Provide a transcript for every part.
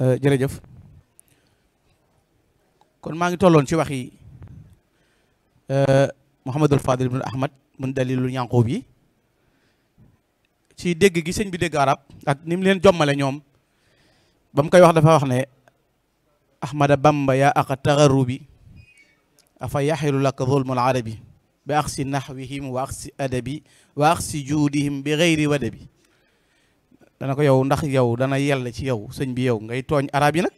Euh, jërëjëf kon maa ngi tolloon ci wax yi euh, Mouhamadul Fadil ibn Ahmad mun dalilul Yanqoob yi ci dégg gi sëñ bi dégg arab ak ni mu leen jommale ñoom ba mu koy wax dafa wax ne ahmada bamba yaa aqa taxarubi afa yaxilu laka zulmul arabi bi ax si naxwihim wa ax si adabi wa ax si juudihim bi xeyri wadabi dana ko yow ndax yow dana yell ci yow sëñ bi yow ngay tooñ araab yi nag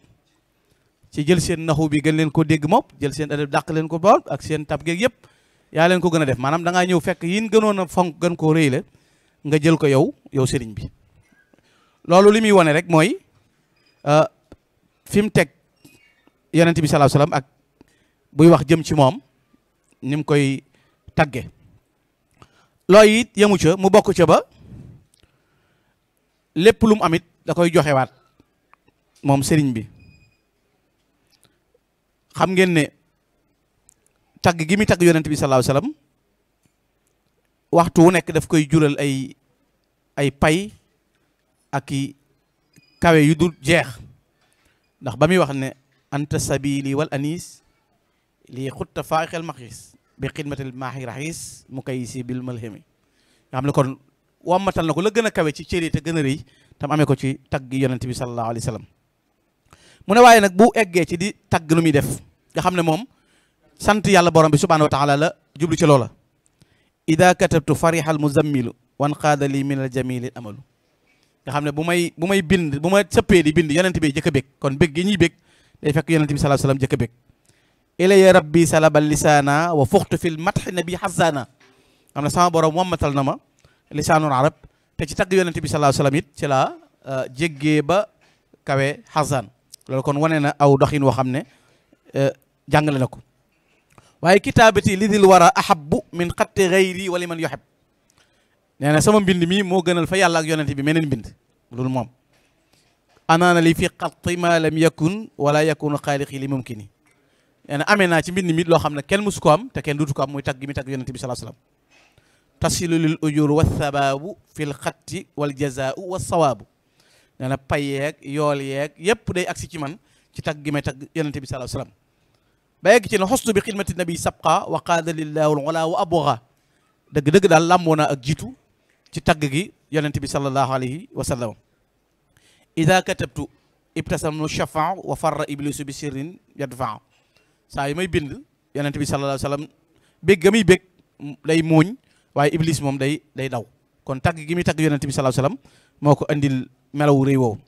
ci jël seen naxu bi gën leen koo dégg moom jël seen adab dàq leen ko bool ak seen tab geeg yëpp yaa leen ko gën a def maanaam da ñëw fekk yin gënoon a fonk gën koo rëy la nga jël ko yow yow sëriñ bi loolu li muy wane rek mooy euh, fi teg yonent bi sallallahu alayhi wasallam ak buy wax jëm ci moom ni mu koy tagge looy it yemu ca mu bokk ca ba lépp lu mu amit da koy joxewaat moom sëriñ bi xam ngeen ne tagg gi muy tagg yonent bi sallallahu alayhi waxtu wu nekk daf koy jural ay ay pay aki kawe yu dul jeex ndax ba muy wax ne anta sabili wal anis lii xutta faaxel maxis bi xidmatil maaxi raxis mu kay si bil malhimi xam ne wammatal na ko la gën a kawe ci cër yi te gën a rëy tam amee ko ci tagg yonent bi sallallahu alayhi wa sallam mu ne waaye nag bu eggee ci di tagg nu muy def nga xam ne moom sant yàlla borom bi subhanahu wa la jublu ci loola ida katabtu fariha al muzammilu wan qaada li min al jamili amalu nga xam ne bu may bu may bind bu ma sëppee di bind yonent bi jëkk a kon bég gi ñuy bég day fekk yonent bi sallallahu alayhi a bég ilaya rabbi salabal lisaana wa fuxtu fil matxi nabi xasaana xam ne sama borom wammatal na ma lisaanul arab te ci tagg yonente bi sallallahu alayhi wasallam it ci la euh, jéggee ba kawe xasaan lool kon wane na aw doxin woo xam ne euh, jàngale na ko waaye kitaabati li dil wara ahabbu min xatti gayri wali man yuhib nee na sama mbind mi moo gënal fa yàlla ak yonente bi meneen mbind loolu moom anaana li fi xatti ma lam yakun wala yakunu xaaliqi li mumkini nee na ci mbind mi loo xam ne kenn musu ko am te kenn duutu ko am muy tagg mi tagg yonente bi sallallahu alayhi wasallam tasilu lil ujur wa sabaabu fil xatti wa sawaabu nee na pay yépp day agsi ci man ci tag gi may tag yonente bi sallallahu alayhi wasallam ba yegg ci bi xidmati nabi sabqa wa qaada lillaahu al wa abwaxa dëgg-dëgg daal làmboo naa ak jiitu ci tagg gi yonente bi sallallahu alayhi wa sallam ida katabtu ibtasamnu shafaa wa farra iblisu bi sirrin yadfaa saa yi may bind yonente bi wa sallam bég ga muy day muuñ waaye iblis moom day day daw kon tagg gi muy tagg yonent bi sallallahu alayhi wasallam moo ko andil melawu rëy woowu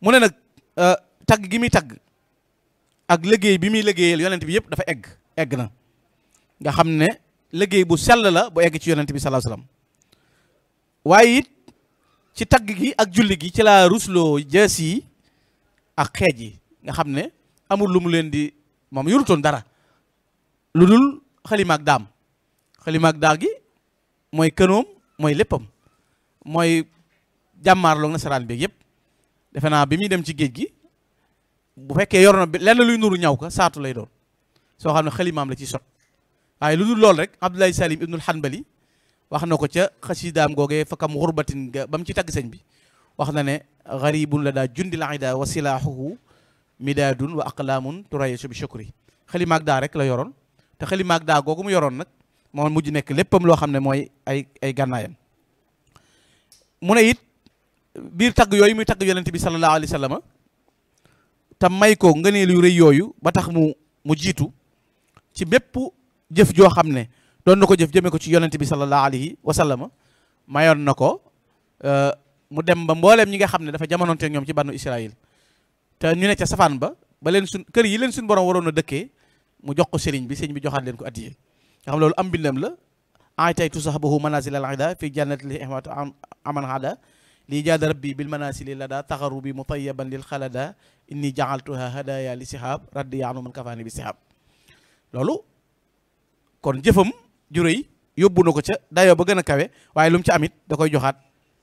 mu ne nag euh, tagg gi muy tagg ak liggéey bi muy liggéeyal yonent bi yëpp dafa egg egg na nga xam ne liggéey bu sell la bu egg ci yonent bi sallallahu alayhi waaye it ci tagg gi ak julli gi ci laa rusloo jees yi ak xeej yi nga xam ne amul lu mu leen di moom yorutoon dara lu dul xalimaak daam xalima daal gi mooy kënoom mooy léppam mooy jàmmaarloog nasaraan bi yépp defe naa bi muy dem ci géej gi bu fekkee yor na lenn luy nuru ñaw ka saatu lay doon soo xam ne xalimaam la ci sot waaye lu dul lool rek Abdoulaye Salim Ibnul Hanbali wax na ko ca xasidaam googee fa kam xurbatin ga ci tagg sëñ bi wax na ne garibun la daa jundil ida wa silaahuhu midaadun wa aqlaamun turayasu bi shukri xalimaag daa rek la yoroon te xalimaag yoroon nag moo mujj nekk léppam loo xam ne mooy ay ay gànnaayam mu ne it biir tagg yooyu muy tagg yonent bi sallallahu alayhi wa sallam te may ko ngëneel yu rëy yooyu ba tax mu mu jiitu ci bépp jëf joo xam ne doon na ko jëf jëmee ko ci yonent bi sallallahu alayhi wa sallam mayoon na ko euh, mu dem ba mbooleem ñi nga xam ne dafa jamonoonteeg ñoom ci bannu Israël te ñu ne ca safaan ba ba leen sun kër yi leen suñ borom waroon a dëkkee mu jox ko sëriñ bi sëriñ bi joxaat leen ko addiye nga loolu am mbindam la aataytu sahbahu manazil al ida fi jannati li ihmat aman hada li jaada rabbi bil manasili lada taxarubi mutayaban lil xalada inni jaaltuha hadaya li sihab raddi yaanu man kafaani bi sihab loolu kon jëfam juréy yóbbu na ko ca dayoo ba gën a kawe waaye lu mu ci amit da koy joxaat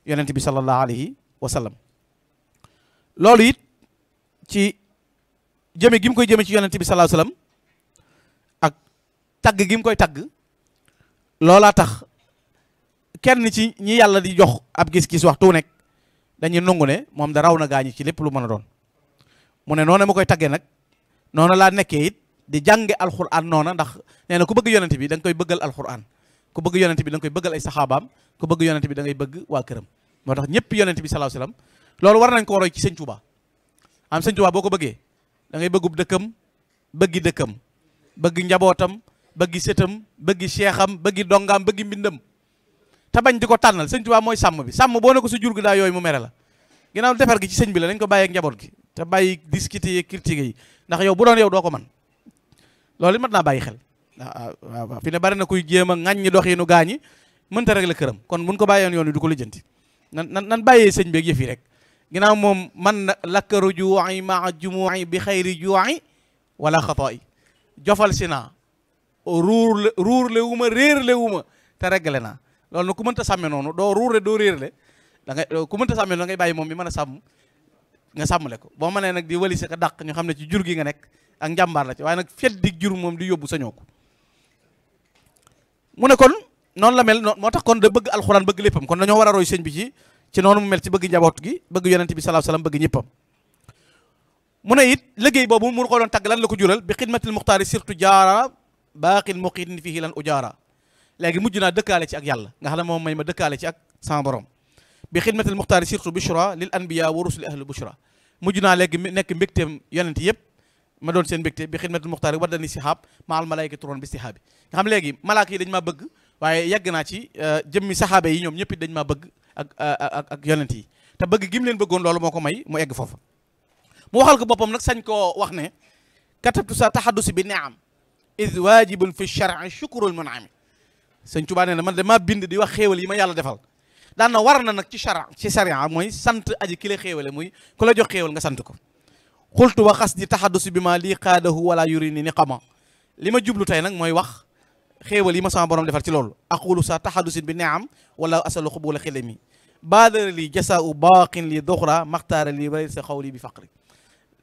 yonent bi sallallahu alayhi wa loolu it ci jëme gi koy jëme ci yonent bi sallallahu alayhi tagg gi mu koy tagg loolaa tax kenn ci ñi yàlla di jox ab gis-gis waxtu nekk dañuy nangu ne moom da raw na gaañi ci lépp lu mën a doon mu ne noonu ma koy taggee nag noonu laa nekkee it di jànge alxuraan noona ndax nee na ku bëgg yonent bi da nga koy bëggal ku bëgg yonent bi da koy bëggal ay saxaabaam ku bëgg yonent bi dangay bëgg waa këram moo tax ñëpp yonent bi salaahu salaam loolu war nañ ko roy ci sëñ Tuuba am sëñ Tuuba boo ko bëggee da ngay bëggub dëkkam bëggi dëkkam bëgg njabootam bëggi sëtam bëggi seexam bëggi dongaam bëggi mbindam te bañ di ko tànnal sëñ Tuubaa mooy sàmm bi sàmm boo ne ko su jur gi daa yooyu mu mere la ginnaaw defar gi ci sëñ bi la dañ ko bàyyi ak njaboot gi te bàyyi discuter yi critiquer yi ndax yow bu doon yow doo ko man loolu it mat naa bàyyi xel ah, ah, waaw waaw ne bari na kuy jéem a ŋàññi doxiinu gaañi mënta rek la këram kon buñ ko bàyyoon yoon wi ko lijjanti nan nan nan bàyyee sëñ beeg yëf rek ginnaaw moom man lakkaru juwaay maa jumuwaay bi xayri juwaay wala xatoo jofal si naa ruur ruurle wu ma réerle wu ma te regle naa loolu nag ku mënta sàmme noonu doo ruurle doo réerle da ngay ku mënta sàmme noonu da ngay bàyyi moom mi mën a sàmm nga sàmmle ko boo mënee nag di walise ka dàq ñu xam ne ci jur gi nga nekk ak la ci waaye nag fet di jur moom di yóbbu sañoo mu ne kon noonu la mel moo tax kon da bëgg alxuraan bëgg léppam kon dañoo war a roy sëñ bi ci ci noonu mu mel ci bëgg njaboot gi bëgg yonent bi sallallahu alayhi wasallam bëgg ñëppam mu ne it liggéey boobu mu ko doon tàgg la ko jural bi xidmatil muxtaari surtout jaara yi muqitin fihi lan ujaara léegi mujj naa dëkkaale ci ak yàlla nga xam ne may ma dëkkaale ci ak sama borom bi xidmatil muxtaari surtout bushra lil anbiya wa rusuli ahli bushra mujj naa léegi nekk mbégteem yonent yëpp ma doon seen mbégte bi xidmatil muxtaari waddani sihaab ma al malayka turon bi sihaabi nga xam léegi malaaka yi dañ maa bëgg waaye yàgg naa ci euh, jëmmi saxaaba yi ñoom ñëpp dañ ma bëgg ak euh, ak ak yonent yi te bëgg gim leen bëggoon loolu moo ko may mu egg foofa mu waxal ko boppam nag sañ koo wax ne katabtu sa taxaddusi bi naam id waajibun fi sharci shukrul munami sëñ Tuubaa nee na man damaa bind di wax xéewal yi ma yàlla defal daana na war na nag ci char ci charia mooy sant aji ki la xéewale muy ku la jox xéewal nga sant ko xultu wa xas di taxaddusu bi ma lii xaadahu wala yuri ni ni xama li ma jublu tey nag mooy wax xéewal yi ma sama borom defal ci loolu aqulu sa taxaddusin bi neam wala asalu xubula xilami baadara li jasaau baaqin li doxra maxtaara li way sa xawli bi faqri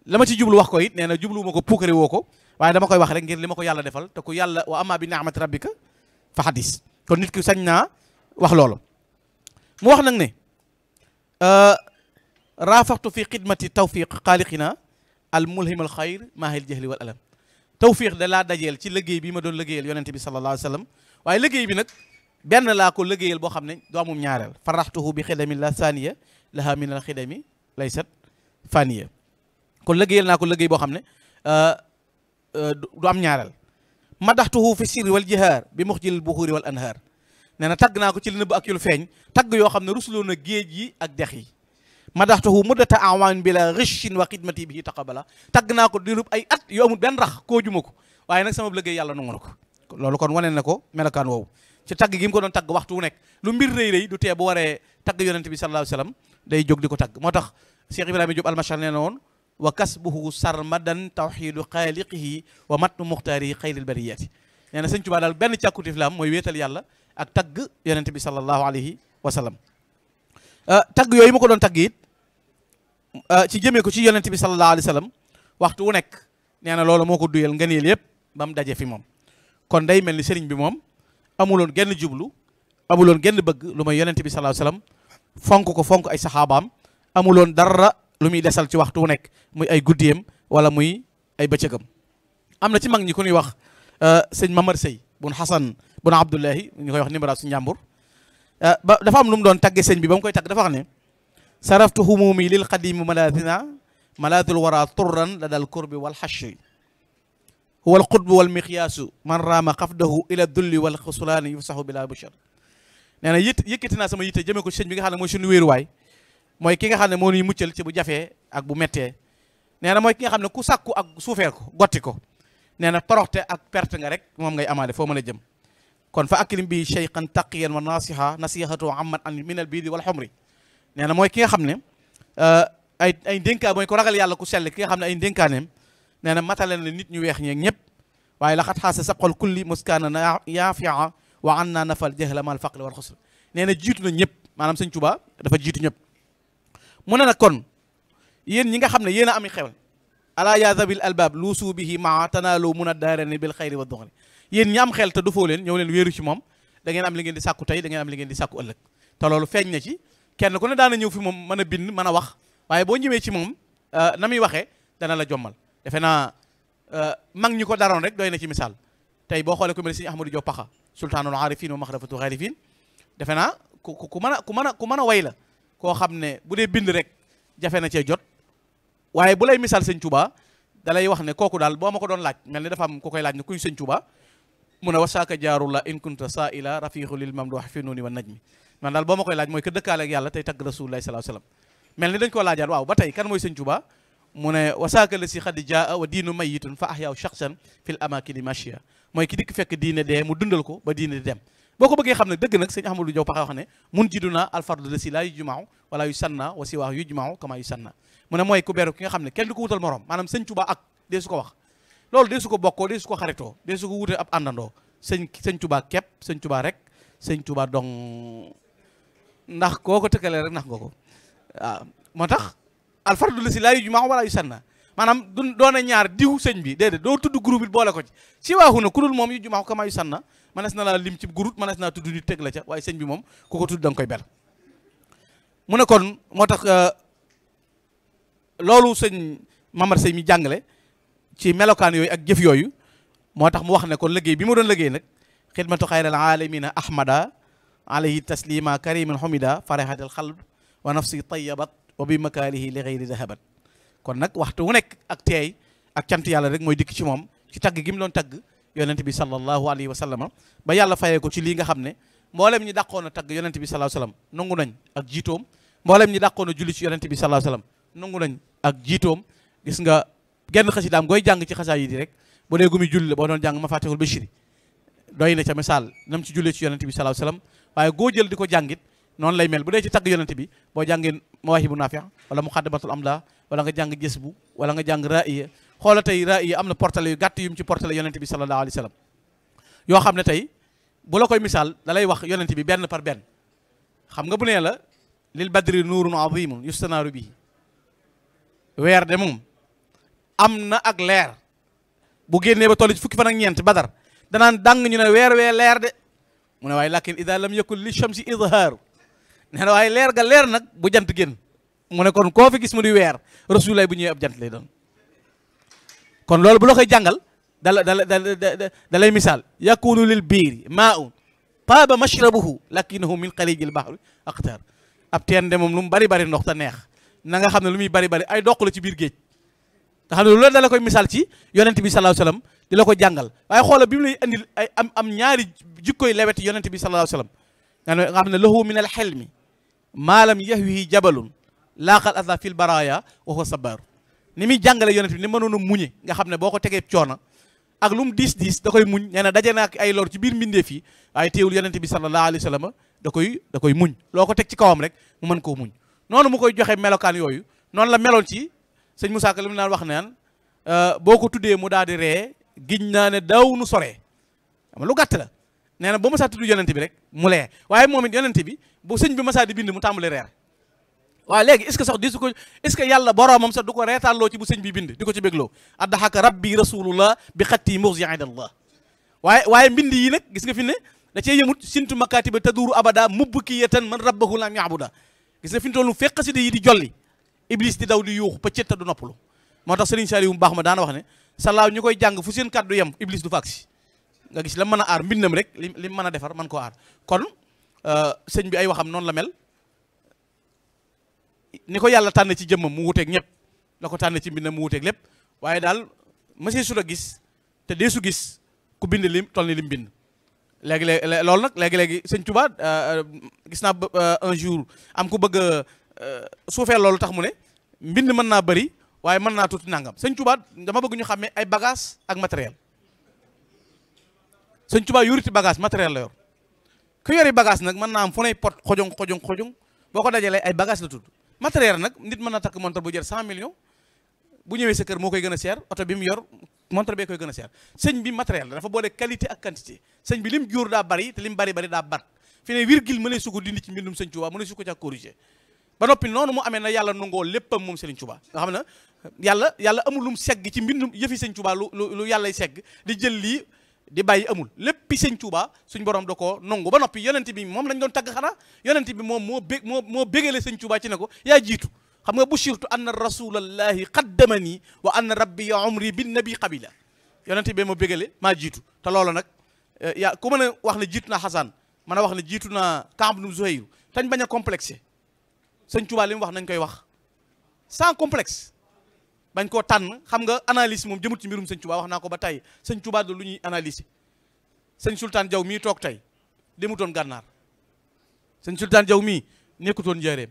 la ma ci jublu wax ko it nee na jublu ma ko puukare woo ko waaye dama koy wax rek ngir li ma ko yàlla defal te ku yàlla wa amma bi ni'mati rabbika fa xadis kon nit ki sañ naa wax loolu mu wax nag ne euh, raafaxtu fi xidmati tawfiq xaaliqina al mulhim al xayr maahil jahli wal alam tawfiq da laa dajeel ci liggéey bi ma doon liggéeyal yonente bi sallallahu alayhi wa sallam waaye liggéey bi nag benn laa ko liggéeyal boo xam ne doo amum ñaareel faraxtuhu bi xidami la saaniya laha min al xidami laysat kon liggéeyal naa xam ne euh, Euh, du am ñaareel madaxtuhu fi sirri wal jihaar bi muxjil buxuuri wal anhaar nee na tagg naa ko ci li ak ci feeñ tagg yoo xam ne rusuloo na géej yi ak dex yi madaxtuhu muddata awaan bi la richin wa xidmati bihi taqabala tagg naa ko dirub ay at yoo amul benn rax koo juma ko waaye nag sama liggéey yàlla nangu na ko loolu kon wane na ko melokaan woowu ci gi mu ko doon tagg waxtu wu nekk lu mbir rëy rëy du tee bu waree tagg yonente bi sallallahu alayhi wasallam day jog di ko tagg moo tax Cheikh Ibrahima Diop almachar nee na woon wa kasbuhu sarmadan tawxidu xaaliqihi wa matnu muxtaari xayril bariyati nee na sëñ Tuubaa daal benn càkkutif la am mooy wéetal yàlla ak tagg yonente bi sallallahu alayhi wa sallam euh, tagg yooyu mu doon tagg it euh, ci jëmee ko ci yonente bi sallallahu alayhi wa waxtu wu nekk nee na loolu moo ko duyal ngëneel yëpp ba daje fi moom kon day mel ni sëriñ bi moom amuloon genn jublu amuloon genn bëgg lu may yonente bi sallallahu alayhi wa fonk ko fonk ay saxaabaam amuloon dara lu muy desal ci waxtu wu nekk muy ay guddiyam wala muy ay bëccëgam am na ci mag ñi ku ñuy wax euh, sëñ Mamar Sey bun Xasan bun Abdullahi ñu koy wax nimra su njàmbur euh, ba dafa am lu mu doon tagge sëñ bi ba koy tagg dafa wax ne saraftu humumi lil qadimi malaadina malaadul wara turran la dal kurbi wal xashi huwa al qutbu wal miqyaasu man raama xafdahu ila wa wal xusulaani yufsahu bila bushar nee na yit yëkkati naa sama yitte jëmee ko sëñ bi nga xam ne mooy suñu wéeruwaay mooy ki nga xam ne moo ñuy muccal ci bu jafee ak bu mettee nee na mooy ki xam ne ku sàkku ak suufeel ko gotti ko nee na toroxte ak perte nga rek moom ngay amaale foo mën a jëm kon fa akrim bi cheykhan taqiyan wa nasiha nasihatu amman an minal biidi wal xumri nee na mooy ki nga xam ne eh, ay ay ndénkaa mooy ko ragal yàlla ku sell ki nga xam ne ay ndénkaaneem nee na matale na nit ñu weex ñeeg ñëpp waaye laxat xaasa sabqal kulli muskaana yaafia wa an naa nafal jahla mal faqri wal xusr nee na jiitu na ñëpp maanaam sëñ Tuubaa dafa jiitu ñëpp mu ne nag kon yéen ñi nga xam ne yéen a ami xewal alaa yaa zabil albaab luusu bihi maa tanaaloo mun a daarani bil xayri wa doxali yéen ñi am xel te dufoo leen ñëw leen wéeru ci moom da am li ngeen di sàkku tey da ngeen am li ngeen di sàkku ëllëg te loolu feeñ na ci kenn ku ne daana ñëw fi moom mën a bind mën a wax waaye boo ñëwee ci moom euh, na muy waxee dana la jommal defe naa euh, mag ñi ko daroon rek doy na ci misaal tey boo xoolee ku mel ni Sëriñ Ahmadou Diop Paxa sultaanul aarifin wa maxrafatu xaarifin defe naa ku ku mën a ku mën a ku mën a way la koo xam ne bu dee bind rek jafe na cee jot waaye bu lay misaal sëñ Touba da wax ne kooku daal boo ma ko doon laaj mel ni dafa am koy laaj ne kuy sëñ Touba mu ne wasaaka la in kunta saa ila rafiixu lil mamduux fi nuuni wa najmi man daal boo ma koy laaj mooy que dëkkaale ak yàlla tey tagg rasulullahi salaa sallam mel ni dañ koo laajaat waaw ba tey kan mooy sëñ Touba mu ne wasaaka la si xadi jaa wa diinu mayitun fa ahyaaw shaxsan fil amakini machia mooy ki dikk fekk diine dee mu dundal ko ba diine di dem boo ko bëggee xam ne dëgg nag sëñ Ahmadou Diaw Pakha wax ne mun jidu naa alfardu la si laa yu jumaaw wala yu sanna wa si wax yu jumaaw kama yu sanna mu ne mooy ku beru ki nga xam ne kenn du ko wutal morom maanaam sëñ Tuba ak dee su ko wax loolu dee su ko bokkoo dee su ko xaritoo dee su ko wutee ab àndandoo sëñ sëñ Tuba képp sëñ rek sëñ Tuba dong ndax koo ko tëkkalee rek nax nga ko waaw moo tax alfardu la si laa yu jumaaw wala yu sanna maanaam du doona ñaar diw sëñ bi déedéet doo tudd groupe boole ko ci si waaxu a ku dul moom yu jumaax ko may sànna manees na laa lim ci groupe manees naa tudd di teg la ca waaye sëñ bi moom ku ko tudd da koy bel mu ne kon moo tax euh, loolu sëñ Mamar Sey mi jàngale ci melokaan yooyu ak jëf yooyu moo tax mu wax ne kon liggéey bi mu doon liggéey nag xidmatu al alamina ahmada alayhi taslima karimin xumida farahatal xalb wa nafsi tayabat wa bi makaalihi li xayri dahabat kon nag waxtu wu nekk ak teey ak cant yàlla rek mooy dikk ci moom ci tagg gi mu doon tagg yonent bi sallallahu alayhi wa sallama ba yàlla fayee ko ci lii nga xam ne mboolem ñi dàqoon a tagg yonent bi sallallahu alayhi wa sallam nangu nañ ak mboolem ñi dàqoon a julli ci bi sallallahu alayhi wa sallam nañ ak jiitoom gis nga genn xasidaam gooy jàng ci xasaa yi di rek bu dee gumi julli la boo doon jàng mafatihul bashiri doy na ca misaal nam ci jullee ci yonent bi sallallahu alayhi wa sallam waaye goo jël di ko jàngit noonu lay mel bu dee ci tagg yonent bi boo jàngee mawaahibu naafi' wala muqaddamatul amla wala nga jàng gis bu wala nga jàng ra'iya xoola tey ra'iya am na portale yu gàtt yu mu ci portale yonent bi sallallahu alayhi wa sallam yoo xam ne tey bu la koy misaal da lay wax yonent bi benn par benn xam nga bu nee la lil badri nuurun azimun yustanaaru bihi weer de moom am na ak leer bu génnee ba toll ci fukki fan ak ñeent badar danaan dàng ñu ne weer wee leer de mu ne waay lakin ida lam yakun li shamsi idhaaru nee na waaye leer ga leer nag bu jant génn mu ne kon koo fi gis mu di weer rasulullah bu ñëwee ab jant lay doon kon loolu bu la koy jàngal dala dala da lay misaal yakunu lil biiri maa un taaba mashrabuhu lakinahu min xalijil bahri aktar ab teen de moom lu mu bari bari ndox te neex na nga xam ne lu muy bari bari ay doq la ci biir géej nga xam ne lool da koy misaal ci yonent bi sallallahu alayhi wasallam di la ko jàngal waaye xoola bi mu lay andil am ñaari jikkoy leweti yonent bi sallallahu alayhi wasallam nga xam ne lahu min al xelmi maalam yahwihi jabalun laaxal asa fil baraya wa huwa sabar ni muy jàngale yonent bi ni mënoon a muñe nga xam ne boo ko tegee coona ak lu mu diis diis da koy muñ nee na daje na ak ay lor ci biir mbindeef yi waaye teewul yonent bi sallallahu alayhi wa sallam da koy da muñ loo ko teg ci kawam rek mën koo muñ noonu mu koy joxe melokaan yooyu noonu la meloon ci sëñ Moussa Ka li mu naan wax naan euh, boo ko tuddee mu daal di ree giñ naa ne daaw nu soree xam lu la nee na boo masaa tudd yonent bi rek mu lee waaye moom it yonent bi bu sëñ bi masaa di bind mu tàmbali reer waaw léegi est ce que sax di su ko est ce que yàlla boroomam sax du ko reetaanloo ci bu sëñ bi bind di ko ci bégloo addaxaka rabbi rasulullah bi xatti mursi indallah waaye waaye mbind yi nag gis nga fi da cee yëmut sintu makaatiba taduuru abada mubbkiyatan man rabbahu lam yaabuda gis nga fi mu toll fekk xasida yi di jolli iblis di daw di yuuxu pëccet te du noppalu moo tax sëriñ Saliou mu baax ma daana wax ne salaaw ñu koy jàng fu seen kàddu yem iblis du faksi nga gis a aar mbindam rek li li mën a defar man koo aar euh, sëñ bi ay waxam noonu la mel ni ko yàlla tànn ci jëmmam mu wuteek ñëpp la ko tànn ci mbindam mu wuteeg lépp waaye daal monsieur su la gis te dee su gis ku bind lim toll ni lim bind léegi-léegi loolu nag léegi-léegi sëñ Tuba euh, euh, gis naa euh, un jour am ku bëgg suufee loolu tax mu ne mbind mën naa bëri waaye mën naa tuuti nangam sëñ Tuba dama bëgg ñu xàmmee ay bagage ak matériel sëñ Tuba yoriti bagage matériel la yor ku yori bagage nag mën naa am fu nay pot xojong xojong xojong boo ko dajalee ay bagage la tudd matériel nag nit mën na takk montre bu jar 100 millions bu ñëwee sa kër moo koy gën a seer oto bi mu yor montre bee koy gën a seer sëñ bi matériel dafa boole qualité ak quantité sëñ bi lim jóor daa bari te lim bari bari daa bat fi ne virgule mënee su ko dindi ci mbindum sëñ Tuubaa mënee su ko ca corrigé ba noppi noonu mu amee na yàlla nungoo léppam moom Sëriñ Tuubaa nga xam ne yàlla yàlla amul lum segg ci mbindum yëfi sëñ Tuubaa lu lu yàllay segg di jël lii di bàyyi amul lépp sëñ Touba suñ borom da koo nangu ba noppi yonent bi moom lañ doon tagg xanaa yonent bi moom moo bég moo moo bégale sëñ Touba ne ko yaa jiitu xam bu bushirtu anna rasulallahi qaddamani wa anna rabbi umri bin nabi qabila yonent bi moo bégale maa jiitu te loolu nag eh, yaa ku mën a wax ne jiitu naa Xasaan mën a wax ne jiitu naa Kaab nu Zuhayru tañ bañ a complexé sëñ Touba li mu wax nañ koy wax sans complex bañ koo tànn xam nga analyse moom jëmut ci mbirum sëñ Touba wax naa ko ba tey sëñ Touba du lu ñuy analyse sëñ Sultaan Jaw mii toog tey demutoon gànnaar sën Sultaan Jaw mii nekkutoon njëreem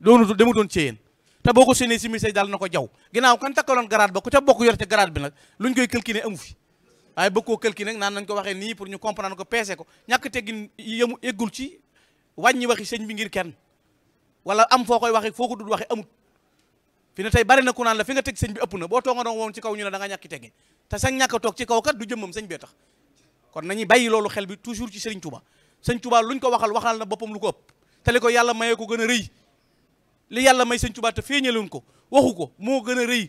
doonu demutoon Ceyeen te boo ko séenee si misay daal na ko jaw ginnaaw kan takkaloon garaat ba ku ca bokk yor ca garaat bi nag luñ koy calculer amu fi waaye bëgg koo calculer nag naan nañ ko waxee nii pour ñu comprendre ko peese ko ñàkk teggin yemu eggul ci wàññi waxi sëñ bi ngir kenn wala am foo koy waxee foo ko dul waxee amut fi ne tey bari na ku naan la fi nga teg sëñ bi ëpp na boo tooga doon woon ci kaw ñu ne da nga ñàkki teggi te sañ ñàkk a ci kaw kat du jëmmam sëñ bee tax kon nañuy bàyyi loolu xel bi toujours ci Serigne Touba Serigne Touba luñ ko waxal waxal na boppam lu ko ëpp te ko yàlla mayee ko gën a rëy li yàlla may Serigne Touba te feeñaluñ ko waxu ko moo gën a rëy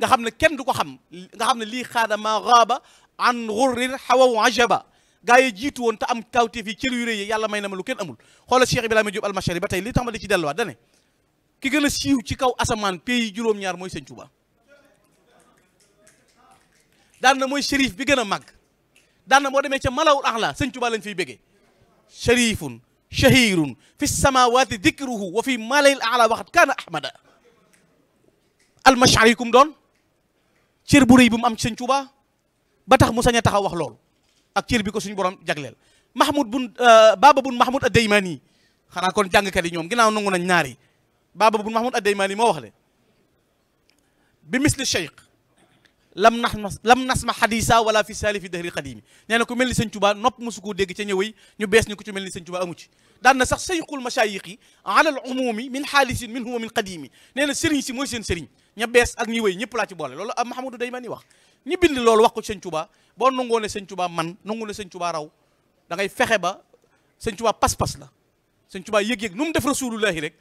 nga xam ne kenn du ko xam nga xam ne lii xaadama raaba an xurrin xawaw ajaba gaa yi jiitu woon te am kawteef yi cël yu rëy lu kenn amul xoola Cheikh Ibrahima Diop almashari ba tey li tax ma di ci delluwaat dane ki gën a siiw ci kaw asamaan pays juróom-ñaar mooy sëñ Touba daan na mooy shérif bi gën a màgg daan na boo demee ca malawul axla sëñ Touba lañ fiy béggee shérifun shahirun fi samawati dikruhu wa fi malayil axla waxat kaana ahmada almashar yi kum doon cër bu bu mu am ci sëñ Touba ba tax mu sañ a taxaw wax loolu ak cër bi ko suñu borom jagleel mahmoud bun euh, baba bun mahmoud ad-daymani xanaa kon jàngkat yi ñoom ginnaaw nangu nañ ñaari baaba bu mahmoud addaymaani moo wax ne bi misli cheikh lam nasma lam nasma xadisa wala fi saalifi dahri qadimi nee na ku mel ni sëñ Tuubaa nopp mosu koo dégg ca ñëwey bees ñu ko ci mel ni sëñ Tuubaa amu daan na sax sayqul masayiqi ala al umumi min xaalisin min huwa min qadimi nee na sëriñ si mooy seen sëriñ ña bees ak ñi wéy ñëpp laa ci boole loolu ab mahamadou daymani wax ñi bind loolu wax ko sëñ Tuubaa boo nangoo ne sëñ man nangu ne raw dangay fexe ba sëñ Tuubaa pas-pas la sëñ Tuubaa yëg-yëg nu mu def rek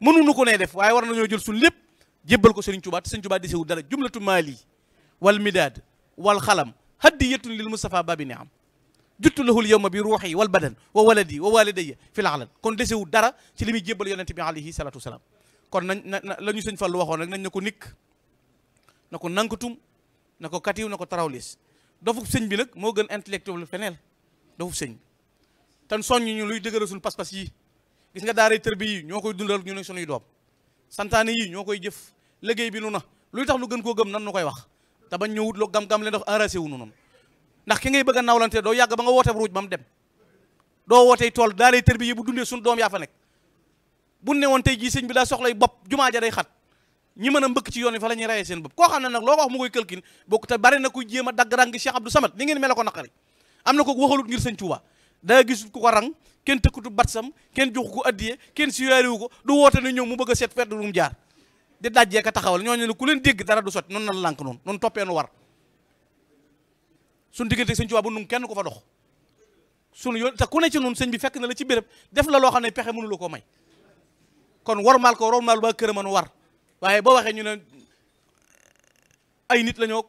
mënuñu ko nee def waaye war nañoo jël suñ lépp jébbal ko Sëriñ Tuubaa te Sëriñ Tuubaa desewul dara jumlatu maali wal midaad wal xalam hadiyatun lil Mustafa babi ne am juttu lahul yawma bi ruuxi wal badan wa waladi wa walidayya fi laxlan kon desewul dara ci li muy jébbal yonente bi alayhi salatu wasalaam kon nañ na la ñu sëñ Fallu waxoon rek nañ na ko nikk na ko nankatum na ko katiw na ko tarawlis dofub sëñ bi nag moo gën intellectuel feneel dofub sëñ bi tan soññu ñu luy dëgëral suñ pas-pas yi gis nga daaray tërbi yi ñoo koy dundal ñu ne suñuy doom santaane yi ñoo koy jëf liggéey bi nu na luy tax lu gën koo gëm nan nu koy wax te bañ ñëwut loo gam-gam leen daf arrasé wu noonu ndax ki ngay bëgg a nawlante doo yàgg ba nga woote ruuj ba mu dem doo wootey tool daaray tërbi yi bu dundee suñu doom yaa fa nekk bu ne woon tey jii sëñ bi daa soxlay bopp jumaa ja day xat ñi mën a mbëkk ci yoon wi fa la ñuy rayee seen bopp koo xam ne nag loo ko wax mu koy këlkin bokk te bari na kuy jéem a dagg rang Cheikh Abdou Samad ni n mel ko naqari am na ko waxalut ngir sëñ ko rang kenn tëkkutu batsam kenn joxu ko addiye kenn siyaariwu ko du woote ne ñëw mu bëgg a seet fedd lu mu jaar di dajjee ka taxawal ñooñu ne ku leen dégg dara du sot noonu nan lànk noonu noonu toppee nu war suñ diggante sëñ Tuubaa bu nun kenn ko fa dox sunu yoon te ku ci nun sëñ bi fekk na la ci béréb def la loo xam ne pexe mënu la ko may kon warmaal ko warmaal ba kër mën war waaye boo waxee ñu ne ay nit la ñoo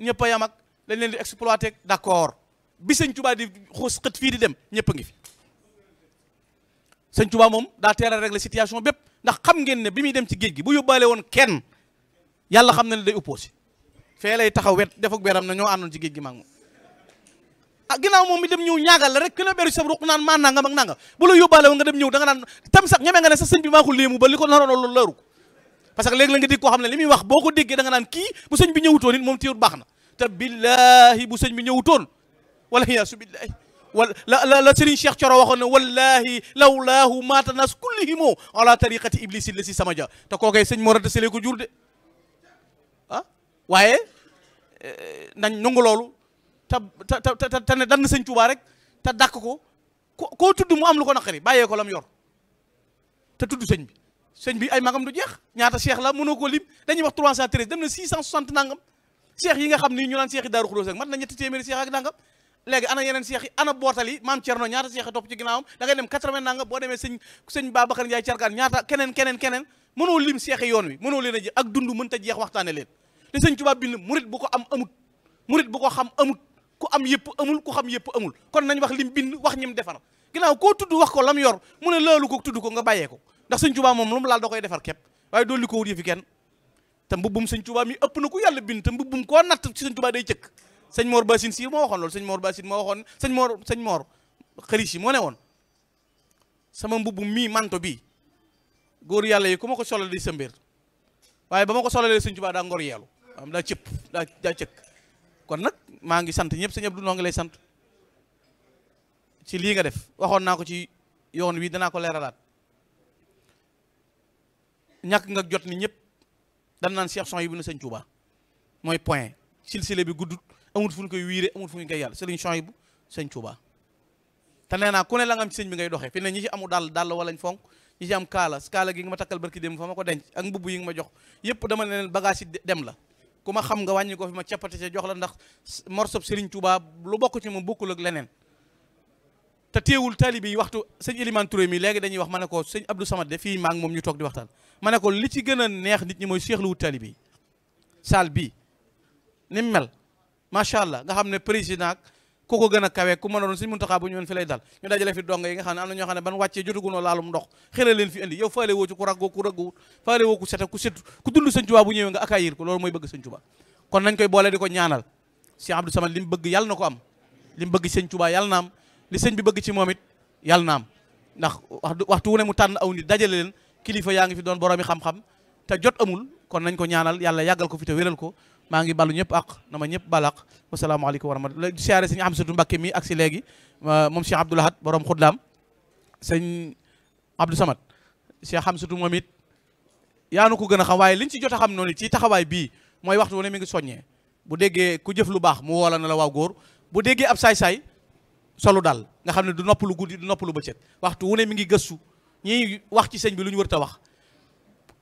ñëpp a yam ak dañ leen di exploité d'accord bi sëñ Tuubaa di xuus di dem ñëpp a sëñ Tuubaa moom daa teel a régler situation bépp ndax xam ngeen ne bi muy dem ci géej gi bu yóbbaale woon kenn yàlla xam na ne day opposé fee lay taxaw wet defuk beram na ñoo àndoon ci géej gi maa a ah moom mi dem ñëw ñaagal la rek ku ne beru sa ruq naan maa nangam ak nangam bu la yóbbaale woon nga dem ñëw da nga naan tam sax ñeme nga ne sa sëñ bi maa ko ko naroon loolu leeru ko parce que léegi la nga dégg li muy wax boo ko déggee da nga naan kii bu sëñ bi ñëwutoon it moom téewut baax na te billahi bi ñëwutoon wala la la Serigne Cheikh Thioro waxoon ne wallahi lawlaahu maata nas kullihimu ala tariqati iblisi la si sama ja te kookee sëñ Mor Anta Sali ko jur de ah, waaye eh, nañ nangu loolu te te ta te ne dann sëñ Tuubaa rek te dàq ko koo tudd mu am lu ko naqari bàyyee ko lam yor te tudd sëñ bi sëñ bi ay magam du jeex ñaata cheikh la mënoo ko lim dañuy wax 313 dem na 660 nangam cheikh yi nga xam ni ñu naan cheikh yi Daaru Xudoos ak mat na ñetti téeméeri cheikh ak nangam léegi ana yeneen seex yi ana bootal yi maam Thierno ñaata seex yi topp ci ginnaawam da ngay dem 80 nanga boo demee sëñ sëñ Babacar Ndiaye Thiargaan ñaata keneen keneen keneen mënoo lim seex yoon wi mënoo leen a ji ak dund mënta jeex waxtaane leen li sëñ Tuubaa bind murit bu ko am amut murit bu ko xam amut ku am yëpp amul ku xam yëpp amul kon nañ wax lim bind wax ñim defar ginnaaw koo tudd wax ko lam yor mu ne loolu ko tudd ko nga bàyyee ko ndax sëñ Tuubaa moom lu mu laal koy defar képp waaye doolu li ko wut yëfi kenn te mbubbum sëñ Tuubaa mi na ku yàlla bind te mbubbum koo sëñ moor Bassine si moo waxoon loolu sëñ Mor Bassine moo waxoon sëñ Mor sëñ Mor xëri si ne woon sama mbubb mii manto bi góor yàlla yi ko ma ko solal di sa waaye ba ma ko solal sëñ Tuubaa daa ngor yeelu am daa cëpp daa daa kon nag maa ngi sant ñëpp sëñ Abdou noo ngi lay sant ci lii nga def waxoon naa ko ci yoon wii danaa ko leeralaat ñàkk nga jot ni ñëpp dan naan Cheikh son yi bu ne sëñ Tuubaa mooy point silsile bi guddut amul fu ñu koy wiire amul fu ñu koy yàlla sëriñ Chouaïbou sëñ Touba te nee naa ku ne la am sëñ bi ngay doxee fii ne ñi ci amu dàll dàll walañ fonk ñi ci am kaala kaala gi nga ma takkal barki dem fa ma ko denc ak mbubb yi nga ma jox yëpp dama leen bagage yi dem la ku ma xam nga wàññi ko fi ma cappate ca jox la ndax morsob sëriñ Touba lu bokk ci ma bokkul ak leneen te teewul taalibe yi waxtu sëñ Elimane Touré mi léegi dañuy wax ma ne ko sëñ Abdou Samad de fii maa moom ñu toog di waxtaan ma ne ko li ci gën a neex nit ñi mooy seexlu wut taalibe yi saal bii mel macha allah nga xam ne président ku ko gën a kawe ku mën a doon suñu muntaxaa bu ñëwoon fi lay dal ñu dajale fi donga yi nga xam ne am na ñoo xam ne ban wàccee jotugunoo laalum ndox xëra leen fi indi yow faale ko loolu mooy bëgg sëñ Tuubaa kon nañ koy boole di ko ñaanal Cheikh Abdou Samad li mu bëgg yàlla na ko am li mu bëgg sëñ Tuubaa yàlla am li sëñ bi bëgg ci moom it yàlla na am ndax waxtu wu ne mu tànn aw nit dajale leen kilifa yaa ngi fi doon boroomi xam-xam te jot amul kon nañ ko ñaanal yàlla yàggal ko fi te wéral ko maa ngi balu ñëpp ak na ma ñëpp balaq wasalaamaaleykum wa rahmatulah di siyaare sëñ Amsatu Mbakke mi ak si léegi moom Cheikh Abdoul Ahad borom xuddaam sëñ Abdou Samad Cheikh Amsatu moom it yaa nu ko gën a xam waaye liñ ci jot a xam noonu ci taxawaay bii mooy waxtu wu ne mi ngi soññee bu déggee ku jëf lu baax mu woola na la waa góor bu déggee ab saay-saay solu daal nga xam ne du nopp lu guddi du nopp lu bëccëg waxtu wu ne mi ngi gëstu ñiy wax ci sëñ bi lu ñu wër wax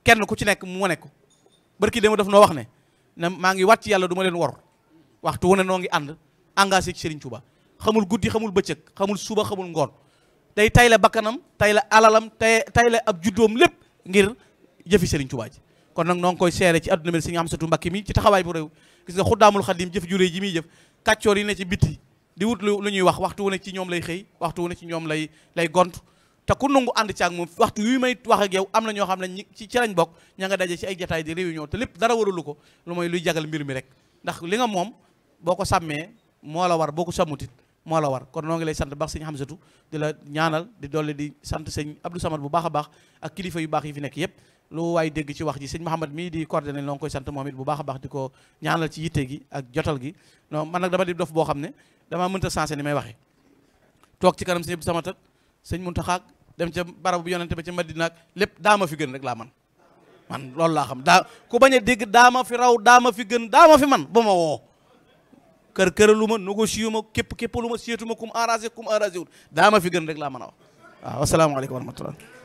kenn ku ci nekk mu nekk barki dama daf wax ne na maa ngi ci yàlla duma leen wor waxtu wu ne noo ngi ànd engagé ci Serigne Touba xamul guddi xamul bëccëg xamul suba xamul ngoon tey tay la bakkanam tay la alalam tay tay la ab juddoom lépp ngir jëfi Serigne Touba ji kon nag noo ngi koy seere ci si nga Serigne Amsatou Mbacké mi ci taxawaay bu réew gis nga xuddaamul xadim jëf juré ji muy jëf kàccoor yi ne ci bitti di wut lu ñuy wax waxtu wu ne ci ñoom lay xëy waxtu wu ne ci ñoom lay lay gont te ku nungu ànd ci ak moom waxtu yu may wax ak yow am na ñoo xam ne ñi ci ci lañ bokk ña nga daje ci ay jataay di réunion te lépp dara waralu ko lu mooy luy jagal mbir mi rek ndax li nga moom boo ko sàmmee moo la war boo ko sàmmutit moo la war kon noo ngi lay sant baax sëñ Hamsatu di la ñaanal di dolli di sant sëñ Abdou Samad bu baax a baax ak kilifa yu baax yi fi nekk yépp lu waaye dégg ci wax ji sëñ Mouhamad mii di coordonné loo ngi koy sant moom it bu baax a baax di ko ñaanal ci gi ak jotal gi non man nag dama di dof boo xam ne damaa mënta sensé ni may waxee toog ci kanam sëñ Abdou Samad ak sëñ Muntaxa dem ca barab bu yonente ba ca Madina ak lépp daama fi gën rek laa man man loolu laa xam daa ku bañ a dégg daama fi raw daama fi gën daama fi man ba ma woo ker këralu ma négocié ma képp képp lu ma seetu ma kum arrangé kum arrangé wul daama fi gën rek laa mën a wax waaw asalaamaaleykum wa